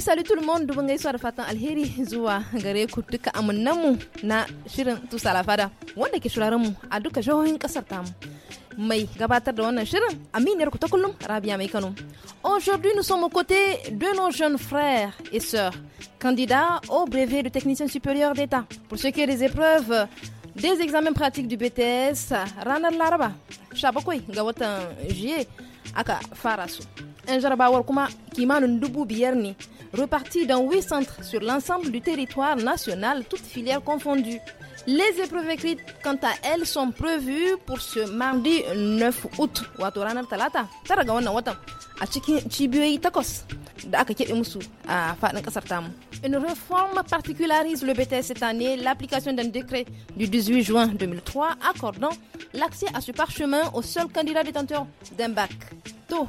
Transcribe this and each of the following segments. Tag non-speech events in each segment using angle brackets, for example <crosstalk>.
salut tout le monde. Dubin gaisuwa da fatan alheri <laughs> zuwa gare ku duka amunanmu na shirin Tusa Lafada wanda ke shuraren mu a duka jihohin kasar tamu. mai gabatar da wannan shirin aminiyar ku ta kullum Rabia Mai Kano. Aujourd'hui, nous sommes aux côtés de nos jeunes frères et sœurs, candidats au brevet de technicien supérieur d'État. Pour ce qui est des épreuves, des examens pratiques du BTS, ranar Laraba, shabakoi ga watan jiye aka fara su. ‘Yan jarabawar kuma kimanin dubu biyar ne repartis dans huit centres sur l'ensemble du territoire national, toutes filières confondues. Les épreuves écrites, quant à elles, sont prévues pour ce mardi 9 août. Une réforme particularise le BTS cette année, l'application d'un décret du 18 juin 2003 accordant l'accès à ce parchemin au seul candidat détenteur d'un bac dans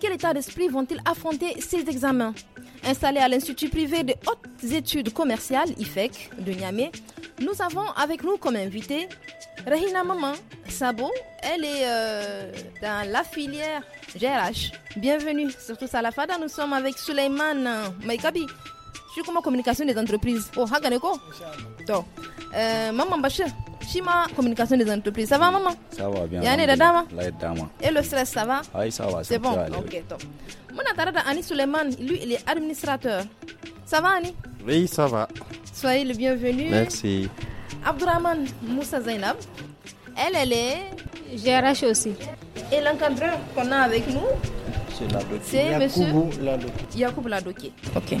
quel état d'esprit vont-ils affronter ces examens Installés à l'Institut privé de hautes études commerciales, IFEC, de Niamey, nous avons avec nous comme invité Rahina Maman Sabo. Elle est euh, dans la filière GRH. Bienvenue, sur surtout fada, Nous sommes avec Suleiman Maikabi, shi comme communication des entreprises oh haka Donc, ko euh, maman bashir Chima, communication des entreprises ça va maman ça va bien yani da dama la dame. et le stress ça va oui ça va c'est bon ok top mon tare da Suleiman lui il est administrateur ça va Annie oui ça va soyez le bienvenu merci Abdourahman Moussa Zainab elle elle est GRH aussi et l'encadreur qu'on a avec nous c'est monsieur Yacoub Ladoki. Ok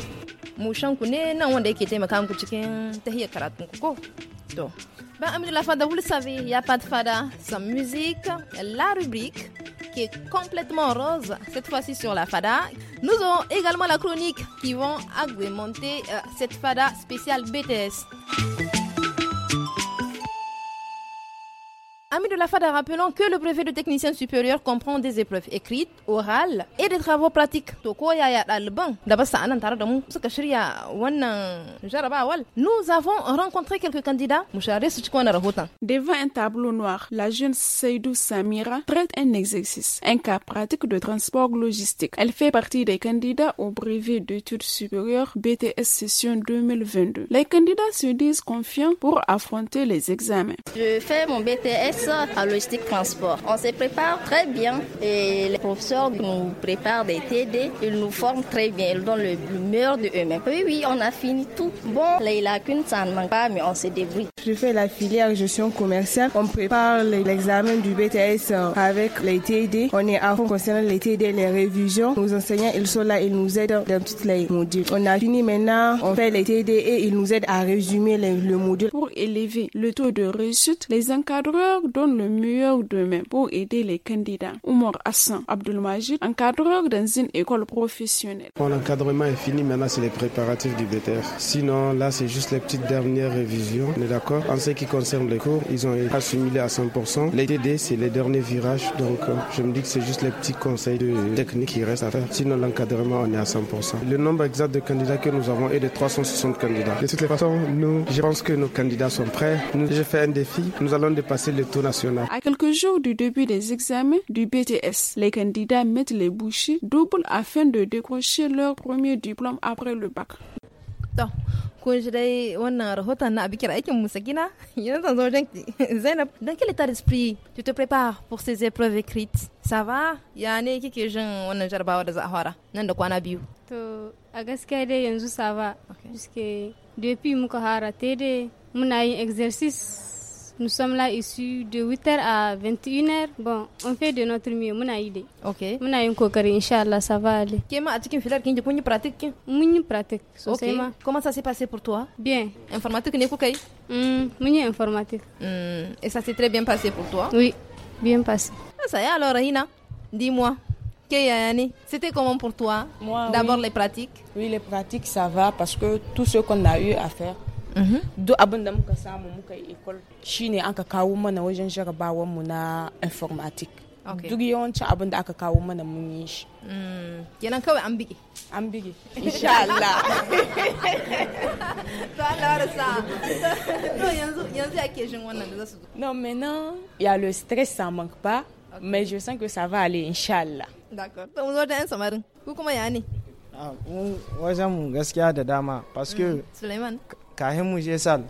la fada vous le savez il y a pas de fada sans musique la rubrique qui est complètement rose cette fois-ci sur la fada nous avons également la chronique qui vont agrémenter euh, cette fada spéciale BTS Amis de la FADA, rappelons que le brevet de technicien supérieur comprend des épreuves écrites, orales et des travaux pratiques. Nous avons rencontré quelques candidats. Hein. Devant un tableau noir, la jeune Seydou Samira traite un exercice, un cas pratique de transport logistique. Elle fait partie des candidats au brevet d'études supérieures BTS session 2022. Les candidats se disent confiants pour affronter les examens. Je fais mon BTS à logistique transport. On se prépare très bien et les professeurs nous préparent des TD, ils nous forment très bien, ils donnent le, meilleur de eux-mêmes. Oui, oui, on a fini tout. Bon, les lacunes, ça ne manque pas, mais on se débrouille. Je fais la filière gestion commerciale. On prépare l'examen du BTS euh, avec les TD. On est à fond concernant les TD, les révisions. Nos enseignants, ils sont là, ils nous aident dans toutes les modules. On a fini maintenant, on fait les TD et ils nous aident à résumer le module. Pour élever le taux de réussite, les encadreurs donne le mieux de mêmes pour aider les candidats. Oumar Hassan Abdelmajid, encadreur dans une école professionnelle. Bon, l'encadrement est fini, maintenant c'est les préparatifs du BTR. Sinon, là, c'est juste les petites dernières révisions. On est d'accord En ce qui concerne les cours, ils ont été assimilés à 100%. Les TD, c'est les derniers virages. Donc, euh, je me dis que c'est juste les petits conseils de technique qui restent à faire. Sinon, l'encadrement, on est à 100%. Le nombre exact de candidats que nous avons est de 360 candidats. De toutes les façons, nous, je pense que nos candidats sont prêts. Nous, j'ai fait un défi. Nous allons dépasser le taux à quelques jours du début des examens du BTS, les candidats mettent les bouchées doubles afin de décrocher leur premier diplôme après le bac. Donc, kun shi dai wannan rahoton na abikir aikin musa gina <laughs> yanzu zan zo wajen <laughs> zainab dan quel état d'esprit tu te prépares pour ces épreuves écrites ça va ya ne kike jin wannan jarabawa da za a fara nan da kwana biyu to a gaskiya dai yanzu ça va depuis muka fara te dai muna yin exercice nous sommes là issus de 8h à 21h. Bon, on fait de notre mieux. Mon aide. Ok. Mon aide Inch'Allah, ça va aller. Comment ça s'est passé pour toi? Bien. Informatique, n'est je suis hmm, informatique. Hmm, et ça s'est très bien passé pour toi? Oui, bien passé. Ah, ça y est alors, Rahina. Dis-moi, c'était comment pour toi D'abord les pratiques Oui, les pratiques, ça va parce que tout ce qu'on a eu à faire, Mhm. duk abin da muka samu muka yi ecole shine aka kawo mana wajen jarabawar mu na informatic duk yawancin abin da aka kawo mana mun yi shi mm. kenan kawai an bige an bige insha Allah <laughs> to Allah rasa <laughs> to yanzu yanzu ake jin wannan da zasu non maintenant il y a le stress ça manque pas mais je sens que ça va aller insha Allah d'accord to mun zo da yan samarin ku kuma ya ne ah, wajen mu gaskiya da dama parce que mm. Suleiman kahin mu je sal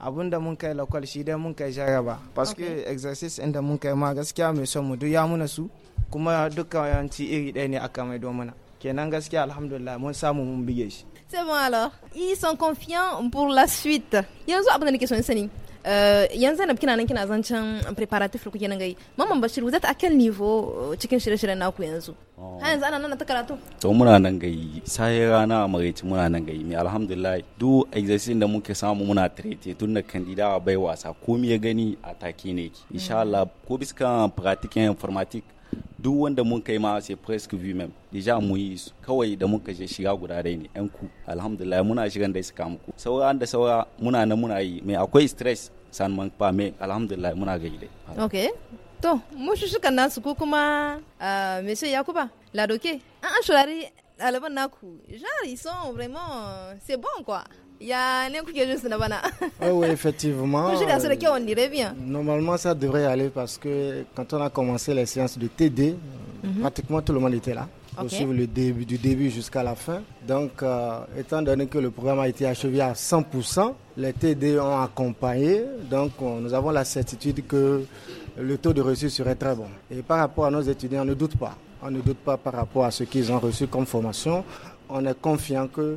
abun da mun kai lakwal shi dai mun kai jaraba paske exercise inda mun kai ma gaskiya mai son mu duk ya muna su kuma duka yanci iri ɗaya ne aka maido mana kenan gaskiya alhamdulillah mun samu mun bige shi c'est bon alors ils sont confiants pour la suite yanzu abin da nake son sani Eh, yanzu zainab kina nan kina zancen preparative da kuke nan gai mamman bashir wuzat a kan nivo eh, cikin shirye-shiryen naku yanzu oh. ha yanzu ana nan ta karatu to muna nan gai sai rana a maraici muna nan gai mai alhamdulillah duk exercise da muke samu muna trete tun da kandida bai wasa komai ya gani a take ne insha hmm. Allah ko biska pratique informatique duk wanda mun kai ma sai presque vu même deja mu yi kawai da muka je shiga guda dai ne yan ku alhamdulillah muna shigan dai suka muku saura da saura muna nan muna yi mai akwai stress ça ne manque pas mais alhamdulillah muna Ok. Donc, okay to mu shushukan nasu ko kuma euh, monsieur yakuba ladoke ah, ah, an à naku genre ils sont vraiment euh, c'est bon quoi il y un un qui est juste là-bas. <laughs> Ah oui effectivement je suis sûr on dirait bien euh, normalement ça devrait aller parce que quand on a commencé les séances de TD mhm. pratiquement tout le monde était là le début, du début jusqu'à la fin. Donc, euh, étant donné que le programme a été achevé à 100%, les TD ont accompagné. Donc, euh, nous avons la certitude que le taux de reçu serait très bon. Et par rapport à nos étudiants, on ne doute pas. On ne doute pas par rapport à ce qu'ils ont reçu comme formation. On est confiant que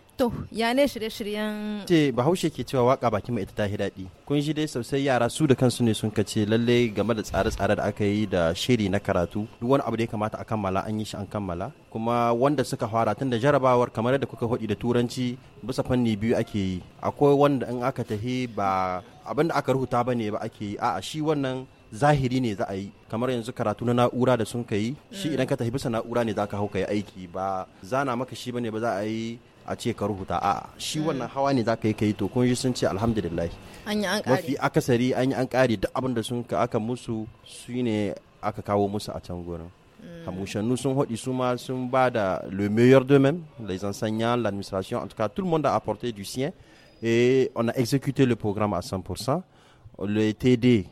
to ya ne shirye-shiryen ce bahaushe ke cewa waka bakin mai ita ta daɗi kun shi dai sosai yara su da kansu ne sun kace lalle game da tsare-tsare da aka yi da shiri na karatu duk wani abu da ya kamata a kammala an yi shi an kammala kuma wanda suka fara tun da jarabawar kamar yadda kuka hudi da turanci bisa fanni biyu ake yi akwai wanda in aka tafi ba abin da aka rubuta ba ne ba ake yi a'a shi wannan zahiri ne za a yi kamar yanzu karatu na na'ura da sun yi shi mm. idan ka tafi bisa na'ura ne za ka hau ka yi aiki ba zana maka shi ne ba za a yi a ce ka rubuta a shi wannan hawa ne za ka yi ka yi to kun yi sun ce alhamdulillah mafi akasari an yi an kare duk abin da sun ka aka musu su ne aka kawo musu a can gurin hmm. Hamouchanou sont Isuma, Sumbada, le meilleur d'eux-mêmes, les enseignants, l'administration, en tout cas, tout le monde a apporté du sien et on a exécuté le programme à 100%. Le TD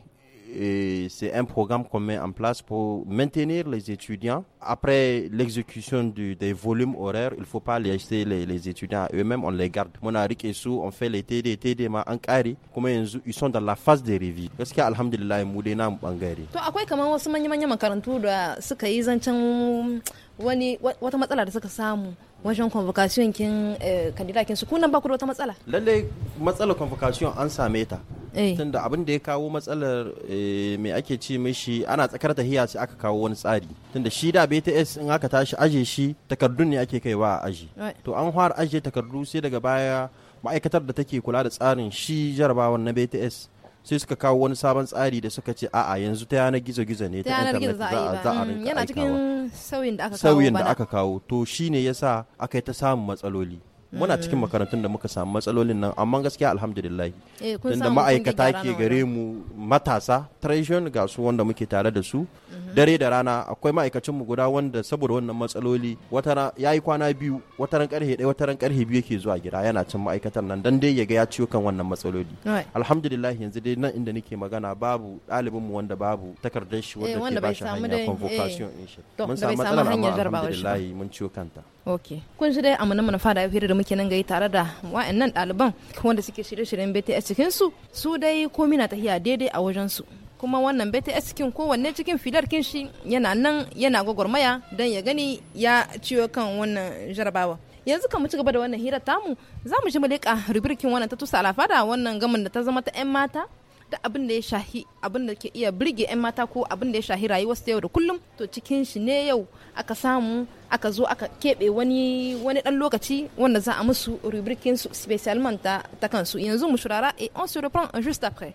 c'est un programme qu'on met en place pour maintenir les étudiants. Après l'exécution des volumes horaires, il ne faut pas laisser les, les étudiants eux-mêmes, on les garde. Mon et sous, on fait les TD, TD, ma ankari, comme ils sont dans la phase de révision. Parce que, alhamdulillah, moudena bangare. To akwai kaman wasu manya-manya makarantu da suka yi zancen wani wata matsala da suka samu wajen convocation kin kandida eh, kin su kunan ba ku da wata matsala. Lalle matsalar convocation an same ta. Eh. tunda abin da ya kawo matsalar eh, mai ake ce mishi ana tsakar tahiya sai aka kawo wani tsari tunda shi da BTS in aka tashi aje shi takardun ne ake kaiwa a aji. to an fara aje takardu sai daga baya ma'aikatar da take kula da tsarin shi jarabawan na BTS sai suka kawo wani sabon tsari da suka ce a'a yanzu ta yanar gizo-gizo ne ta internet za a mm, rinka yana cikin sauyin da aka kawo to shine yasa aka yi ta samun matsaloli muna cikin eh. makarantun da muka samu matsalolin nan amma gaskiya alhamdulillah eh, Da ma'aikata ke gare mu matasa tradition ga su wanda muke tare da su mhm. dare da rana akwai ma'aikacin mu guda wanda saboda wannan matsaloli wata ya yi kwana biyu wata ran karhe ɗaya wata ran karhe biyu yake zuwa gida yana cin ma'aikatan nan dan dai ya ga ya ciwo kan wannan matsaloli alhamdulillah yanzu dai nan inda nake magana babu ɗalibin mu wanda babu takardar shi wanda eh, ke bashi hanya convocation eh. in shi mun samu matsalar amma alhamdulillah mun ciwo kanta Okay. kun ji dai amana mana fada fira da muke nan gai tare da wa'annan ɗaliban wanda suke shirye-shiryen BTS cikin su su dai komai na tahiya daidai a wajen su kuma wannan bts kin kowanne cikin filar kin shi yana nan yana gwagwarmaya don ya gani ya ciwo kan wannan jarabawa yanzu kan mu ci gaba da wannan hira tamu za mu ji mu leƙa rubirkin wannan ta tusa alafada wannan gamin da ta zama ta 'yan mata da abin da ya shahi abin da ke iya birge 'yan mata ko abin da ya shahi rayuwarsu yau da kullum to cikin shi ne yau aka samu aka zo aka keɓe wani wani ɗan lokaci wanda za a musu rubrikin su specialman ta, ta kansu yanzu mu shurara et on se reprend juste après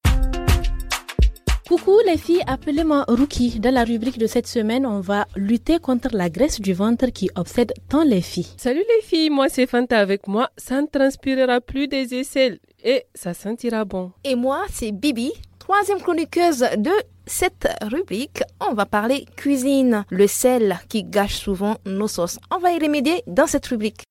Coucou les filles, appelez-moi Rookie. Dans la rubrique de cette semaine, on va lutter contre la graisse du ventre qui obsède tant les filles. Salut les filles, moi c'est Fanta avec moi. Ça ne transpirera plus des aisselles et ça sentira bon. Et moi c'est Bibi, troisième chroniqueuse de cette rubrique, on va parler cuisine, le sel qui gâche souvent nos sauces. On va y remédier dans cette rubrique.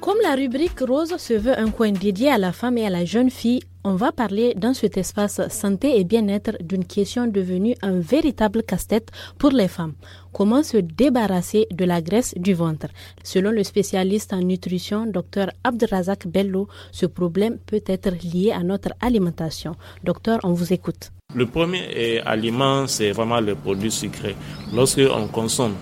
Comme la rubrique rose se veut un coin dédié à la femme et à la jeune fille, on va parler dans cet espace santé et bien-être d'une question devenue un véritable casse-tête pour les femmes. Comment se débarrasser de la graisse du ventre Selon le spécialiste en nutrition, Dr Abdrazak Bello, ce problème peut être lié à notre alimentation. Docteur, on vous écoute. Le premier aliment, c'est vraiment le produit sucré. Lorsque on consomme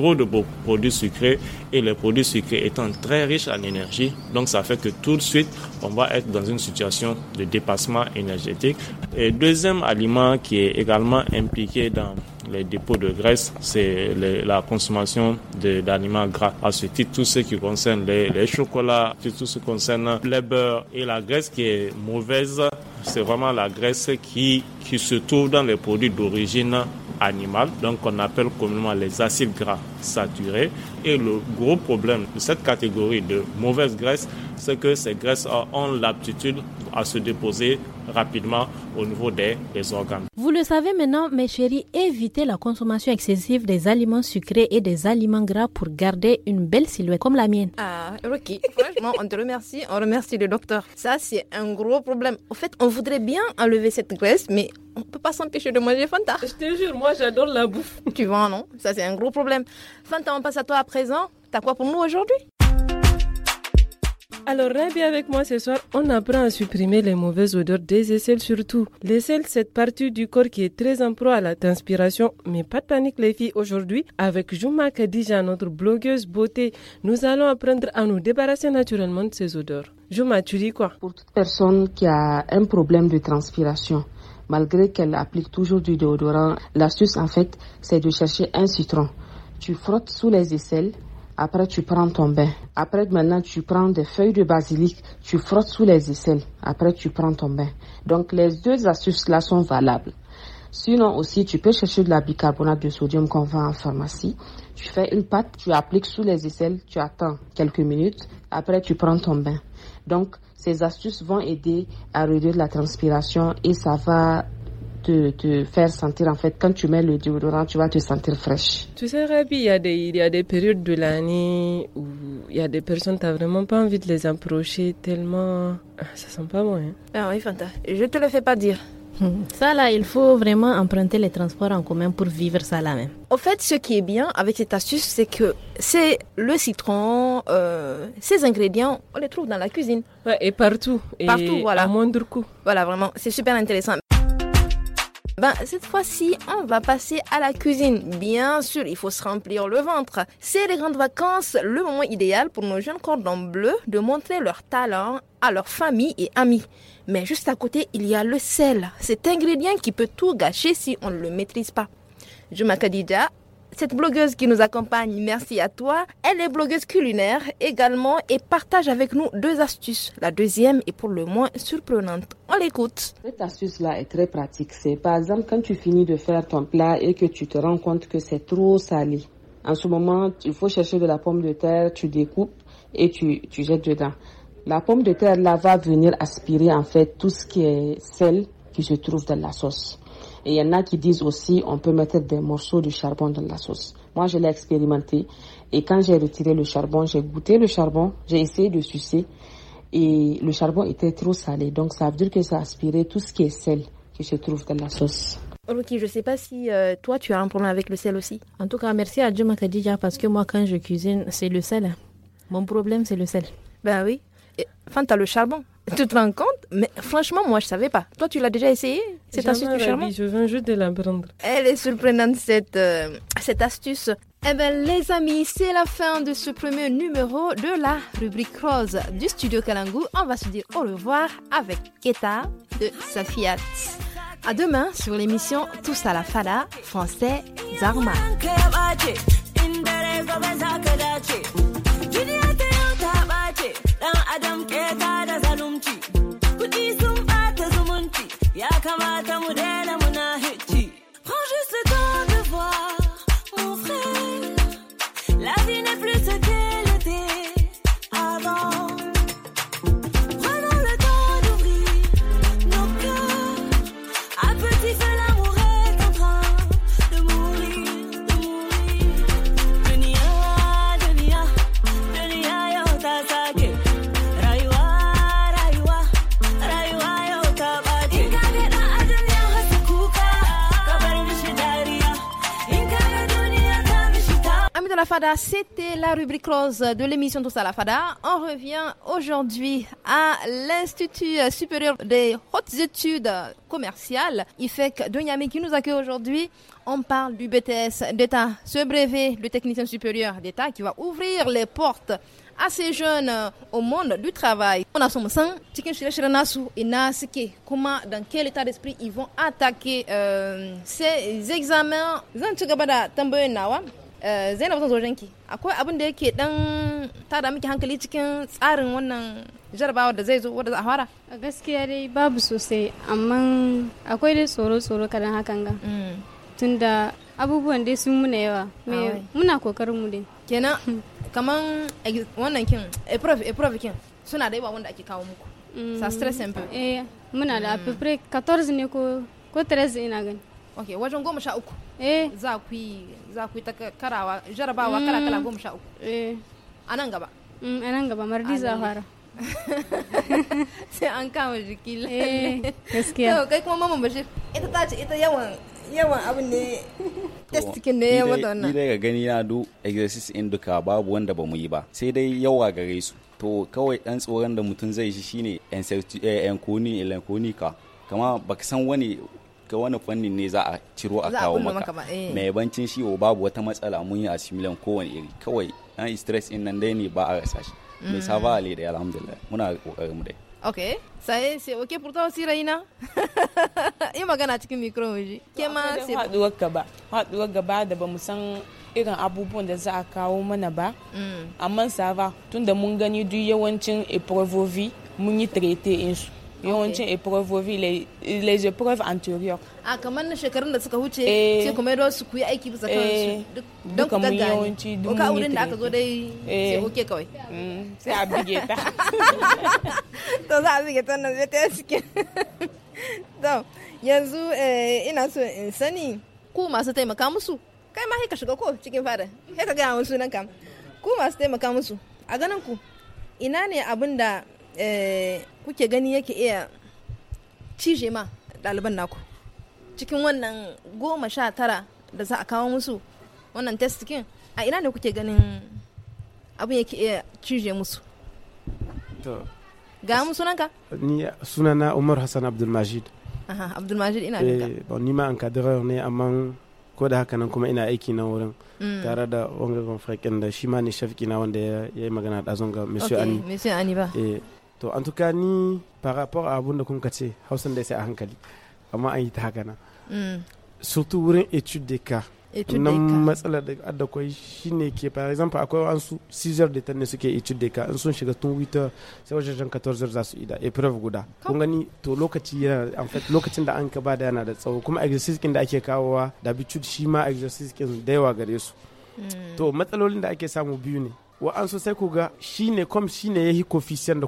de de produits sucrés et les produits sucrés étant très riches en énergie, donc ça fait que tout de suite, on va être dans une situation de dépassement énergétique. Et deuxième aliment qui est également impliqué dans les dépôts de graisse, c'est la consommation d'aliments gras. À ce titre, tout ce qui concerne les, chocolats, tout ce qui concerne les beurre et la graisse qui est mauvaise, c'est vraiment la graisse qui, qui se trouve dans les produits d'origine animal, donc on appelle communément les acides gras saturés. Et le gros problème de cette catégorie de mauvaise graisse, c'est que ces graisses ont l'aptitude à se déposer rapidement au niveau des, organes. Vous le savez maintenant, mes chéris, évitez la consommation excessive des aliments sucrés et des aliments gras pour garder une belle silhouette comme la mienne. Ah, Rocky, franchement, on te remercie, on remercie le docteur. Ça, c'est un gros problème. Au fait, on voudrait bien enlever cette graisse, mais on peut pas s'empêcher de manger Fanta. Je te jure, moi, j'adore la bouffe. Tu vois, non Ça, c'est un gros problème. Fanta, on passe à toi à présent. T'as quoi pour nous aujourd'hui alors bien avec moi ce soir, on apprend à supprimer les mauvaises odeurs des aisselles surtout. L'aisselle, cette partie du corps qui est très en proie à la transpiration, mais pas de panique les filles aujourd'hui. Avec Juma Kadija, notre blogueuse beauté, nous allons apprendre à nous débarrasser naturellement de ces odeurs. Juma, tu dis quoi Pour toute personne qui a un problème de transpiration, malgré qu'elle applique toujours du déodorant, l'astuce en fait, c'est de chercher un citron. Tu frottes sous les aisselles après, tu prends ton bain. Après, maintenant, tu prends des feuilles de basilic, tu frottes sous les aisselles. Après, tu prends ton bain. Donc, les deux astuces-là sont valables. Sinon aussi, tu peux chercher de la bicarbonate de sodium qu'on vend en pharmacie. Tu fais une pâte, tu appliques sous les aisselles, tu attends quelques minutes. Après, tu prends ton bain. Donc, ces astuces vont aider à réduire la transpiration et ça va te, te, faire sentir, en fait, quand tu mets le déodorant, tu vas te sentir fraîche. Tu sais, Rabi, il y, a des, y a des périodes de l'année où il y a des personnes, tu n'as vraiment pas envie de les approcher tellement. Ah, ça sent pas bon, hein? Ah oui, je te le fais pas dire. Hmm. Ça, là, il faut vraiment emprunter les transports en commun pour vivre ça là-même. Au fait, ce qui est bien avec cette astuce, c'est que c'est le citron, euh, ces ingrédients, on les trouve dans la cuisine. Ouais, et partout. Et partout, voilà. À moindre coût. Voilà, vraiment, c'est super intéressant. Ben, cette fois-ci, on va passer à la cuisine. Bien sûr, il faut se remplir le ventre. C'est les grandes vacances, le moment idéal pour nos jeunes cordons bleus de montrer leur talent à leurs famille et amis. Mais juste à côté, il y a le sel, cet ingrédient qui peut tout gâcher si on ne le maîtrise pas. Je m'appelle cette blogueuse qui nous accompagne, merci à toi. Elle est blogueuse culinaire également et partage avec nous deux astuces. La deuxième est pour le moins surprenante. On l'écoute. Cette astuce-là est très pratique. C'est par exemple quand tu finis de faire ton plat et que tu te rends compte que c'est trop salé. En ce moment, il faut chercher de la pomme de terre, tu découpes et tu, jettes dedans. La pomme de terre là va venir aspirer en fait tout ce qui est sel qui se trouve dans la sauce. Et il y en a qui disent aussi on peut mettre des morceaux de charbon dans la sauce. Moi, je l'ai expérimenté. Et quand j'ai retiré le charbon, j'ai goûté le charbon, j'ai essayé de sucer. Et le charbon était trop salé. Donc, ça veut dire que ça aspirait tout ce qui est sel qui se trouve dans la sauce. Ok, je ne sais pas si euh, toi tu as un problème avec le sel aussi. En tout cas, merci à Dieu Makadija parce que moi quand je cuisine, c'est le sel. Mon problème, c'est le sel. Ben oui. enfin, tu as le charbon. Tu te rends compte Mais franchement, moi, je savais pas. Toi, tu l'as déjà essayé Cette astuce du Je viens juste de l'apprendre. Elle est surprenante, cette, euh, cette astuce. Eh bien, les amis, c'est la fin de ce premier numéro de la rubrique rose du studio Kalangu. On va se dire au revoir avec Keta de Safiat. À demain sur l'émission Tous à la Fala, français Zarma. kamata mu c'était la rubrique rose de l'émission de Salafada. On revient aujourd'hui à l'Institut supérieur des hautes études commerciales, Il fait que Dunyami qui nous accueille aujourd'hui. On parle du BTS d'État, ce brevet de technicien supérieur d'État qui va ouvrir les portes à ces jeunes au monde du travail. On a son sang, comment, dans quel état d'esprit ils vont attaquer euh, ces examens. Eh, zainab zan zo ranki akwai abin da yake dan tada miki hankali cikin tsarin wannan jarabawar da zai zo wadda za a fara gaskiya dai babu sosai amma akwai dai tsoro tsoro kadan hakan ga mm. tunda abubuwan dai sun muna yawa muna kokarin mu dai kenan <laughs> kaman wannan kin eprov eh, eh, kin suna da yawa wanda ake kawo muku mm. sa stress sample eh muna da mm. apipre 14 ne ko ko 13 ina gani okay wajen goma sha uku eh za ku yi za ku yi ta karawa jarabawa kala kala mm. goma sha uku eh. a nan gaba mm, a nan gaba mardi za fara <laughs> sai an kama jiki eh, gaskiya kai kuma mama bashir ita ta ce ita yawan yawan abin ne testikin ne ya wata wannan dai ga gani na du exercise in duka babu wanda ba mu yi ba sai dai yawa gare su to kawai dan tsoron da mutum zai shi shine koni eh, ka kama baka san wani ka wani fannin ne za a ciro a kawo maka eh. mai bancin shi oh, babu wata matsala mun yi a kowane iri kawai an stress in nan dai ne ba a rasa shi mai mm. saba ale da alhamdulillah muna kokarin mu dai Ok, sai sai est, c'est ok pour toi aussi, Raina? <laughs> Yi magana cikin micro waje. Ke ma sai haduwar gaba. Haduwar gaba da bamu san irin abubuwan da za a kawo mana ba. Mm. Amma sava tunda mun gani duk yawancin eprovovi mun yi trete insu. yawancin eprovovi les épreuves anterior. Ah, a kamar mm, <laughs> <laughs> eh, na shekarun da suka wuce sai kuma yadda su kuyi aiki bisa kansu don ku gaggane yawanci duk ka wurin da aka zo dai sai oke kawai sai a bige ta to za a bige ta nan zai ta suke to yanzu ina so in sani ku masu taimaka musu kai ma ka shiga ko cikin fada sai ka gaya wa sunan ka ku masu taimaka musu a ganin ku ina ne abin da Eh, kuke gani yake iya cije ma ɗaliban naku cikin wannan goma sha tara da za a kawo musu wannan testikin a ina ne kuke ganin abin yake iya cije musu ga mu sunanka ni sunana umar hassan abdulmajid abdulmajid ina da ka eh, ni ma an kadirar ne amma ko da haka nan kuma ina aiki na wurin mm. tare da wanga gonfakin da shi ma ne shafki na wanda ya yi magana da zonga ga monsieur ani monsieur ani ba eh, to an tuka ni par rapport abun da kun ce hausan da sai a hankali amma an yi ta haka nan mm. surtout wurin etude de cas nan matsalar da adda kwai shine ke par exemple akwai wasu seizure da tanne suke etude de cas in sun shiga tun wita sai wajen 14 za su ida epreuve guda kun gani to lokaci yana an fait lokacin da an ka ba da yana da tsawo kuma exercise kin da ake kawowa da bitud shi ma exercise kin da yawa gare su mm. to matsalolin da ake samu biyu ne wa'ansu sai ku ga ne kom shi ne ya yi kofisiyan da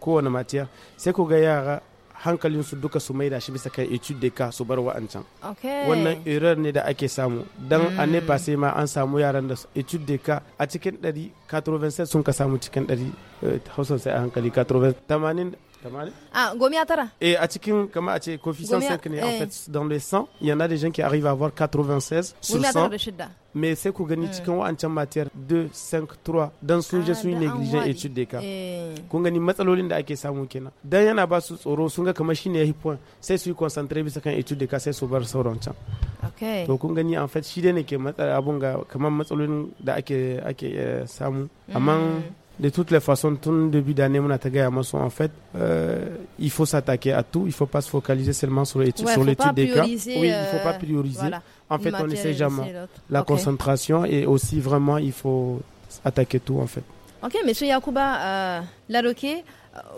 kowane matiya sai ku ga yara hankalinsu duka su maida shi bisa kan etude ka su bar wa'ancan wannan irar ne da ake samu dan a hmm. nepa sai ma an samu yaran da etude ka a cikin 100 sun ka samu cikin 100 eh, hausa sai a hankali Ah, Gomiatara. Et à Tikin, comment à Kofi coefficient ne, en eh. fait, dans le sang, il y en a des gens qui arrivent à avoir 96 sur 100. Mais c'est qu'on gagne eh. Tikin en matière 2, 5, 3. Dans ce je ah, suis négligé étude des cas. Eh. Qu'on gagne matsalolin da ake samu kenan. Dan yana ba su tsoro sun ga kamar shine point. Sai su concentré, concentrate bisa étude des cas sai su bar sauran can. Okay. To kun gani en fait shi dai ne ke abun ga kamar matsalolin da ake ake euh, samu. Hmm. Amma de toutes les façons, tout le début d'année, mon attaque à en fait, euh, il faut s'attaquer à tout. Il ne faut pas se focaliser seulement sur l'étude des cas. Oui, il ne faut pas euh, prioriser. en fait, on sait jamais la concentration et aussi vraiment, il faut attaquer tout, en fait. Ok, monsieur Yacouba euh,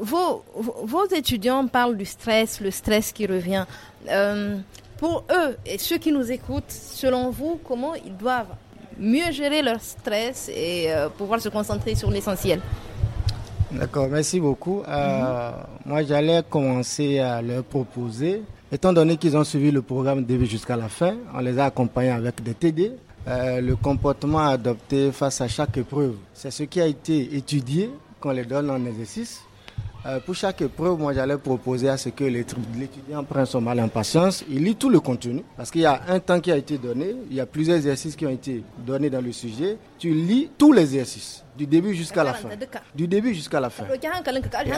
vos, vos, étudiants parlent du stress, le stress qui revient. Euh, pour eux et ceux qui nous écoutent, selon vous, comment ils doivent mieux gérer leur stress et euh, pouvoir se concentrer sur l'essentiel. D'accord, merci beaucoup. Euh, mhm. Moi, j'allais commencer à leur proposer, étant donné qu'ils ont suivi le programme début jusqu'à la fin, on les a accompagnés avec des TD. Euh, le comportement adopté face à chaque épreuve, c'est ce qui a été étudié qu'on les donne en exercice euh, pour chaque épreuve, moi j'allais proposer à ce que l'étudiant prenne son mal en patience, il lit tout le contenu, parce qu'il y a un temps qui a été donné, il y a plusieurs exercices qui ont été donnés dans le sujet, tu lis tous les exercices du début jusqu'à la fin. Du début jusqu'à la fin.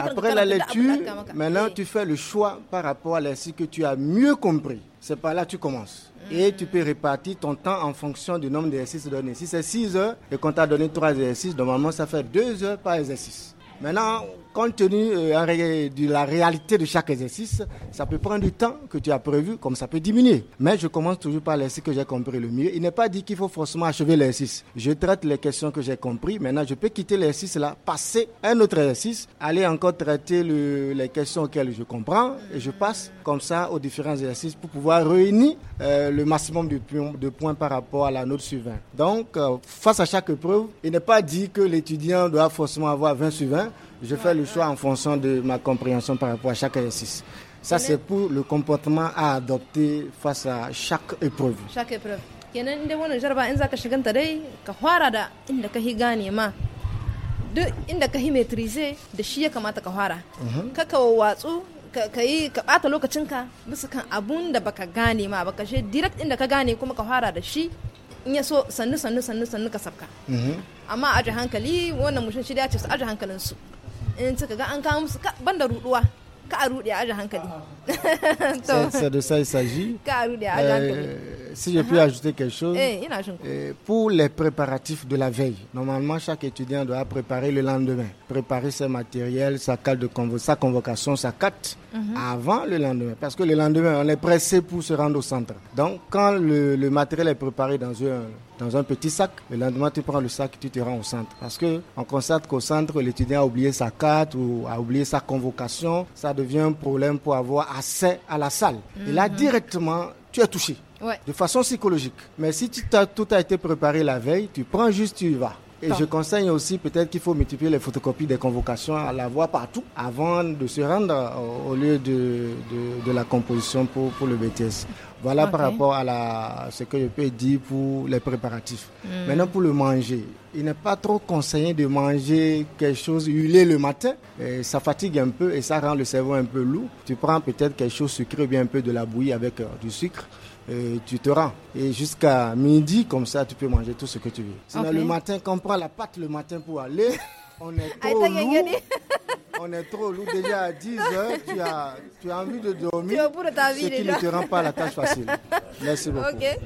après la lecture, maintenant tu fais le choix par rapport à l'exercice que tu as mieux compris. C'est par là que tu commences. Et tu peux répartir ton temps en fonction du nombre d'exercices donnés. Si c'est 6 heures et qu'on t'a donné 3 exercices, normalement ça fait 2 heures par exercice. Maintenant, compte tenu euh, de la réalité de chaque exercice, ça peut prendre du temps que tu as prévu, comme ça peut diminuer. Mais je commence toujours par l'exercice que j'ai compris le mieux. Il n'est pas dit qu'il faut forcément achever l'exercice. Je traite les questions que j'ai compris. Maintenant, je peux quitter l'exercice là, passer un autre exercice, aller encore traiter les questions auxquelles je comprends et je passe comme ça aux différents exercices pour pouvoir réunir euh, le maximum de, points par rapport à la note suivante. Donc, euh, face à chaque preuve, il n'est pas dit que l'étudiant doit forcément avoir 20 sur 20 Je fais le choix en fonction de ma compréhension par rapport à chaque exercice. Ça, c'est pour le comportement à adopter face à chaque épreuve. Chaque épreuve. kenan inda wannan jaraba in zaka shiganta dai ka fara da inda ka hi gane ma duk inda ka hi metrize da shi ya kamata ka fara mhm. ka ka watsu ka yi ka bata lokacinka bisa kan abun da baka gane ma baka je direct inda ka gane kuma ka fara da shi in ya so sannu sannu sannu sannu ka sabka mhm. amma aje hankali wannan mushin shi da ya ce su aje hankalin su <laughs> c'est de ça il s'agit euh, si je peux ajouter quelque chose eh, euh, pour les préparatifs de la veille normalement chaque étudiant doit préparer le lendemain préparer ses matériels sa de convocation sa carte mhm. avant le lendemain parce que le lendemain on est pressé pour se rendre au centre donc quand le, le matériel est préparé dans un dans un petit sac. Le lendemain, tu prends le sac tu te rends au centre. Parce que on constate qu'au centre, l'étudiant a oublié sa carte ou a oublié sa convocation. Ça devient un problème pour avoir accès à la salle. Et là, mhm. directement, tu es touché. De façon psychologique. Mais si tout a été préparé la veille, tu prends juste, tu y vas. Et je conseille aussi peut-être qu'il faut multiplier les photocopies des convocations à la voix partout avant de se rendre euh, au lieu de, la composition pour, pour le BTS. Voilà par rapport à la, ce que je peux dire pour les préparatifs. Hmm. Maintenant, pour le manger, il n'est pas trop conseillé de manger quelque chose huilé le matin. ça fatigue un peu et ça rend le cerveau un peu lourd. Tu prends peut-être quelque chose sucré, bien un peu de la bouillie avec euh, du sucre. Euh, tu te rends. Et jusqu'à midi, comme ça, tu peux manger tout ce que tu veux. Sinon, le matin, quand on prend la pâte le matin pour aller, <laughs> on est trop lourd. on est trop lourd. Déjà à 10 heures, tu as, envie de dormir. Tu ce qui ne te rend pas la tâche facile. Merci beaucoup. Ok.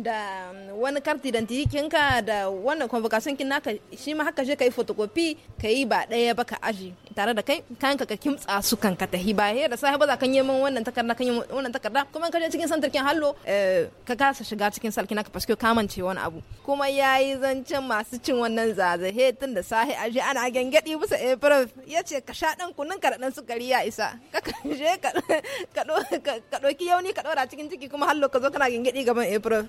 da um, wani karti da ka da wannan convocation kin naka shi ma haka je kai photocopy kai ba daya ba ka aji tare da kai kan ka kimtsa su kan ka tahi ba ya da sai ba za ka neman wannan takarda kan wannan takarda kuma ka je cikin santar kin hallo eh, ka kasa shiga cikin salki naka paske ka mance wani abu kuma yayi zancen masu cin wannan zaza he tun da sahi aji ana gengedi bisa april yace ka sha dan kunun ka dan sukari ya isa ka je ka ka doki yauni ka dora cikin ciki kuma hallo ka zo kana gengedi gaban april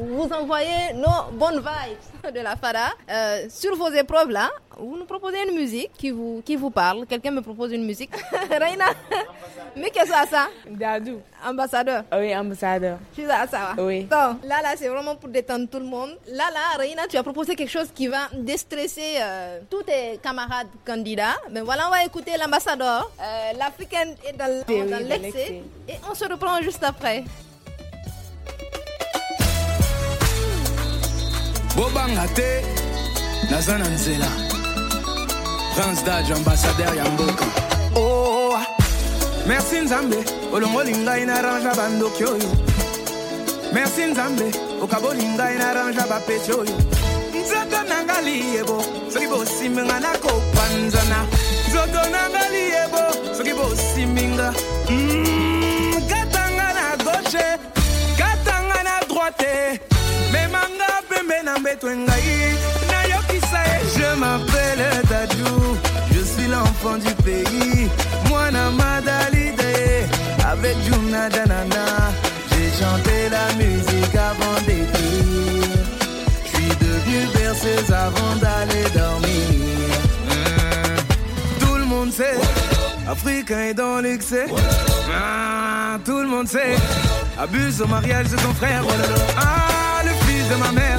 vous envoyez nos bonnes vibes <laughs> de la Fada. Euh, sur vos épreuves là, vous nous proposez une musique qui vous, qui vous parle. Quelqu'un me propose une musique. <laughs> Reina, <laughs> mais qu'est-ce que ça Dadou. Ambassadeur. Ah oui, ambassadeur. Tu à ça Oui. Bon, là, là, c'est vraiment pour détendre tout le monde. Là, là, Reina, tu as proposé quelque chose qui va déstresser euh, tous tes camarades candidats. Mais voilà, on va écouter l'ambassadeur. Euh, L'Africaine est dans, dans l'excès. Et on se reprend juste après. Bobangate, te naza nzela prince dage ambassadeur ya oh, merci nzambe olongoli ngai narangea bandoki oyo merci nzambe okaboli ngai narangea bapeti oyo nzoto nanga liyebo soki bosiminga nakopanzana nzoto nanga liyebo soki bosiminga mm, katanga na gauche katanga na droite je m'appelle Tadjou, je suis l'enfant du pays. Moi, Madalide, avec Jumna Danana, j'ai chanté la musique avant d'écrire. Je suis devenu berceuse avant d'aller dormir. Tout le monde sait, Africain est dans l'excès. Ah, tout le monde sait, abuse au mariage de ton frère. Ah, le fils de ma mère.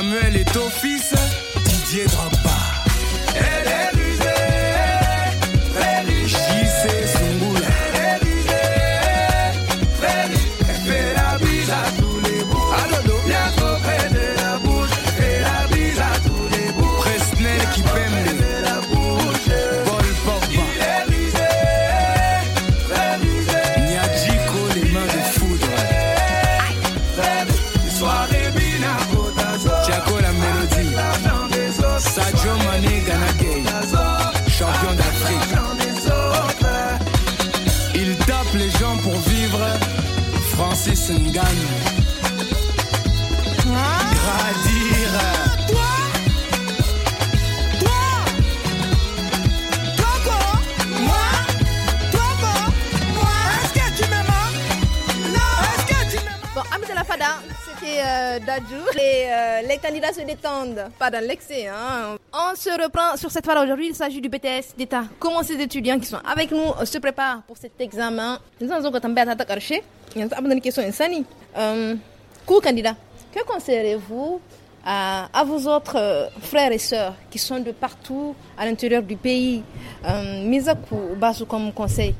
Samuel est au fils. Euh, euh, les, candidats se détendent, pas dans l'excès. Hein. On se reprend sur cette fois là Aujourd'hui, il s'agit du BTS d'État. Comment ces étudiants qui sont avec nous euh, se préparent pour cet examen Cours candidat, que conseillez vous à, vos autres frères et sœurs qui sont de partout à l'intérieur du pays Misaku Basu comme conseil.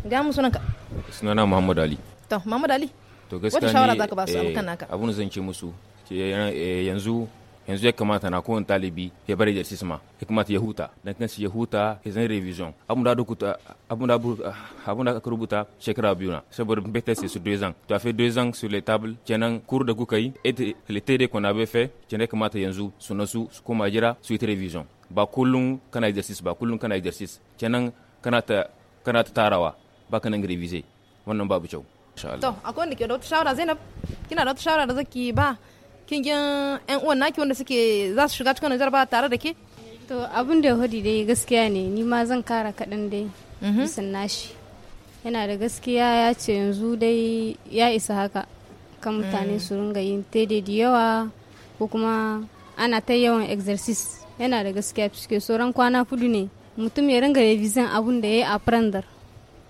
Sunana Mohamed Ali. Attends, Mohamed Ali. to gaskiya wata shawara zaka ba su eh, abokan naka abun zan ce musu eh, yanzu yanzu ya kamata na kowane talibi ya bari da sisma ya kamata ya huta dan kansu ya huta ya zan revision abun da rubuta abun abun da aka rubuta shekara biyu na saboda beta su sur zan to tu as fait deux ans sur les tables kenan cours da kuka yi et le TD qu'on avait kenan kamata yanzu su nasu su koma jira su yi revision ba kullum kana exercice ba kullum kana exercice kenan kana ta kana ta tarawa ba kana revise wannan babu kyau Inshallah to akwai wanda ke da wata shawara Zainab kina da wata shawara da zaki ba kin yan uwan naki wanda suke za su shiga cikin jarba tare da ke to abin da hudi dai gaskiya ne ni ma zan kara kaɗan dai mhm. bisan nashi yana da gaskiya ya ce yanzu dai ya isa haka kan mutane mm. su ringa yin tede da yawa ko kuma ana ta yawan exercise yana da gaskiya suke sauran kwana kudu ne mutum ya ringa revision abun da ya yi a prandar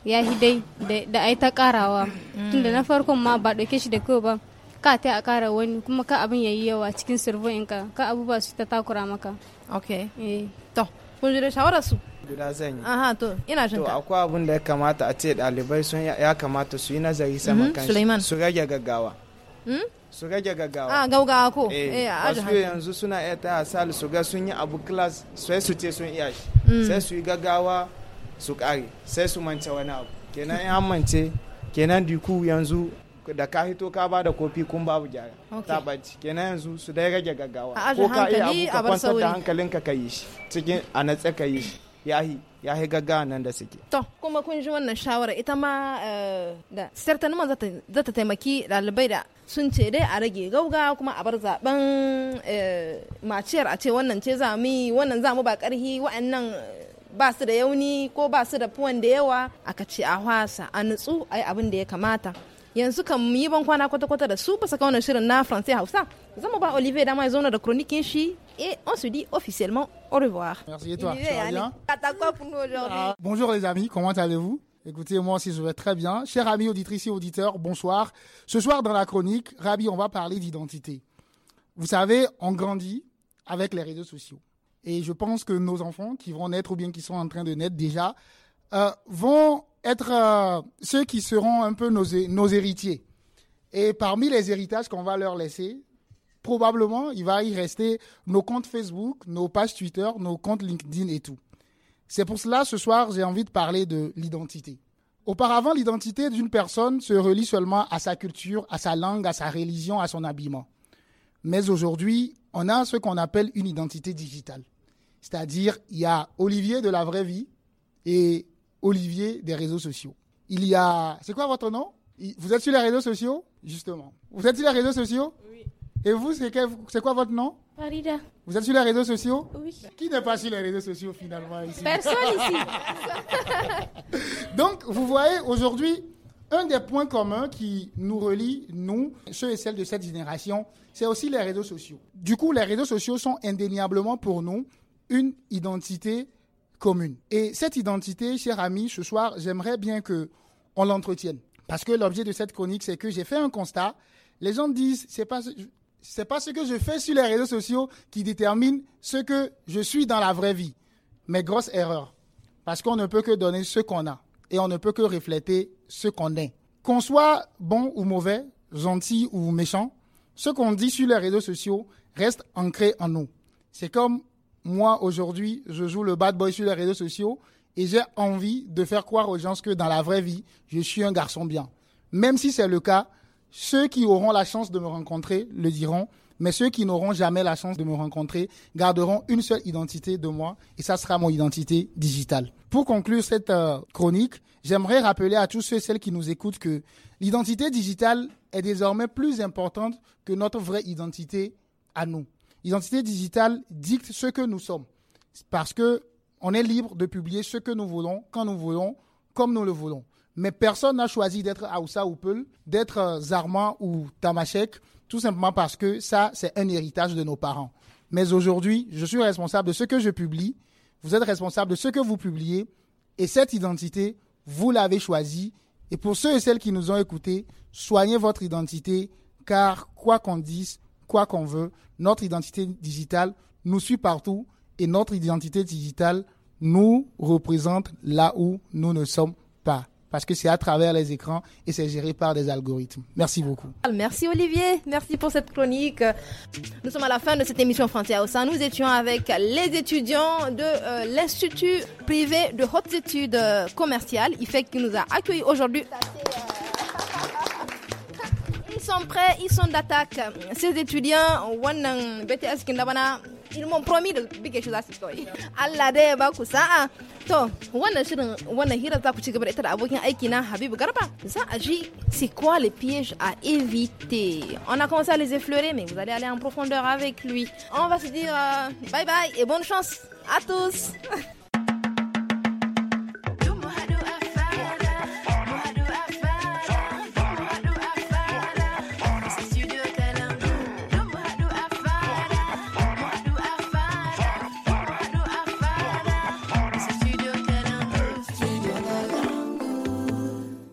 ya dai da ai ta karawa tunda na farkon ma ba ɗauke shi da kyau ba ka ta a kara wani kuma ka abin yayi yawa cikin survey ka ka abubuwa su ta takura maka okay eh. to kun ji da su guda zan yi. Aha to ina jin To akwai abun da ya kamata a ce ɗalibai sun ya kamata su yi nazari sama mhm, kan Suleiman. Su rage gaggawa. Hmm? Su rage gaggawa. a ah, gaugawa ko. Eh wasu eh, yanzu suna iya ta hasali su ga sun yi abu class sai su ce sun iya shi. Hmm. Sai su yi gaggawa su kare sai su mance wani abu kenan in mance kenan diku yanzu da ka hito ka ba da kofi kun babu gyara ta banci kenan yanzu su dai rage gaggawa ko ka iya abu ka kwantar da hankalinka ka yi shi cikin a natse ka yi shi yahi yahi gaggawa nan da suke to kuma kun ji wannan shawara ita ma eh, da ma za ta taimaki dalibai da sun ce dai a rage gauga kuma a bar zaben eh, maciyar a ce wannan ce za mu wannan za mu ba karhi wa'annan ba su da yauni ko ba su da fuwan da yawa aka ce a hwasa a nutsu ai abin da ya kamata yanzu kan yi ban kwana kwata-kwata da su ba fasa kawana shirin na français hausa zama ba olivier dama ya zauna da kronikin shi et on se dit officiellement au revoir merci et toi tu vas bien pour nous aujourd'hui ah, bonjour les amis comment allez-vous Écoutez, moi aussi je vais très bien. Chers amis auditrices et auditeurs, bonsoir. Ce soir dans la chronique, Rabi, on va parler d'identité. Vous savez, on grandit avec les réseaux sociaux. Et je pense que nos enfants qui vont naître ou bien qui sont en train de naître déjà euh, vont être euh, ceux qui seront un peu nos héritiers. Et parmi les héritages qu'on va leur laisser, probablement, il va y rester nos comptes Facebook, nos pages Twitter, nos comptes LinkedIn et tout. C'est pour cela, ce soir, j'ai envie de parler de l'identité. Auparavant, l'identité d'une personne se relie seulement à sa culture, à sa langue, à sa religion, à son habillement. Mais aujourd'hui, on a ce qu'on appelle une identité digitale. C'est-à-dire, il y a Olivier de la vraie vie et Olivier des réseaux sociaux. Il y a. C'est quoi votre nom Vous êtes sur les réseaux sociaux Justement. Vous êtes sur les réseaux sociaux Oui. Et vous, c'est quoi votre nom Farida. Vous êtes sur les réseaux sociaux Oui. Qui n'est pas sur les réseaux sociaux finalement ici Personne ici. <laughs> Donc, vous voyez, aujourd'hui, un des points communs qui nous relie, nous, ceux et celles de cette génération, c'est aussi les réseaux sociaux. Du coup, les réseaux sociaux sont indéniablement pour nous une identité commune. Et cette identité, chers amis, ce soir, j'aimerais bien que on l'entretienne. Parce que l'objet de cette chronique, c'est que j'ai fait un constat. Les gens disent, c'est pas, c'est pas ce que je fais sur les réseaux sociaux qui détermine ce que je suis dans la vraie vie. Mais grosse erreur. Parce qu'on ne peut que donner ce qu'on a et on ne peut que refléter ce qu'on est. Qu'on soit bon ou mauvais, gentil ou méchant, ce qu'on dit sur les réseaux sociaux reste ancré en nous. C'est comme moi aujourd'hui, je joue le bad boy sur les réseaux sociaux et j'ai envie de faire croire aux gens que dans la vraie vie, je suis un garçon bien. Même si c'est le cas, ceux qui auront la chance de me rencontrer le diront, mais ceux qui n'auront jamais la chance de me rencontrer garderont une seule identité de moi et ça sera mon identité digitale. Pour conclure cette euh, chronique, j'aimerais rappeler à tous ceux et celles qui nous écoutent que l'identité digitale est désormais plus importante que notre vraie identité à nous. L'identité digitale dicte ce que nous sommes parce que on est libre de publier ce que nous voulons, quand nous voulons, comme nous le voulons. Mais personne n'a choisi d'être Aoussa ou Peul, d'être euh, Zarma ou Tamashek, tout simplement parce que ça, c'est un héritage de nos parents. Mais aujourd'hui, je suis responsable de ce que je publie, vous êtes responsable de ce que vous publiez et cette identité, vous l'avez choisie. Et pour ceux et celles qui nous ont écoutés, soignez votre identité car quoi qu'on dise, quoi qu'on veut, notre identité digitale nous suit partout et notre identité digitale nous représente là où nous ne sommes pas parce que c'est à travers les écrans et c'est géré par des algorithmes. Merci beaucoup. Merci Olivier, merci pour cette chronique. Nous sommes à la fin de cette émission Frontière Ossa. Nous étions avec les étudiants de euh, l'Institut privé de hautes études euh, commerciales, fait qui nous a accueillis aujourd'hui. Ils sont prêts, ils sont d'attaque. Ces étudiants, BTS Kindabana, ils m'ont promis de faire quelque chose Allah To, shirin za ku c'est quoi les pièges à éviter. On a commencé à les effleurer, mais vous allez aller en profondeur avec lui. On va se dire euh, bye bye et bonne chance à tous. <laughs>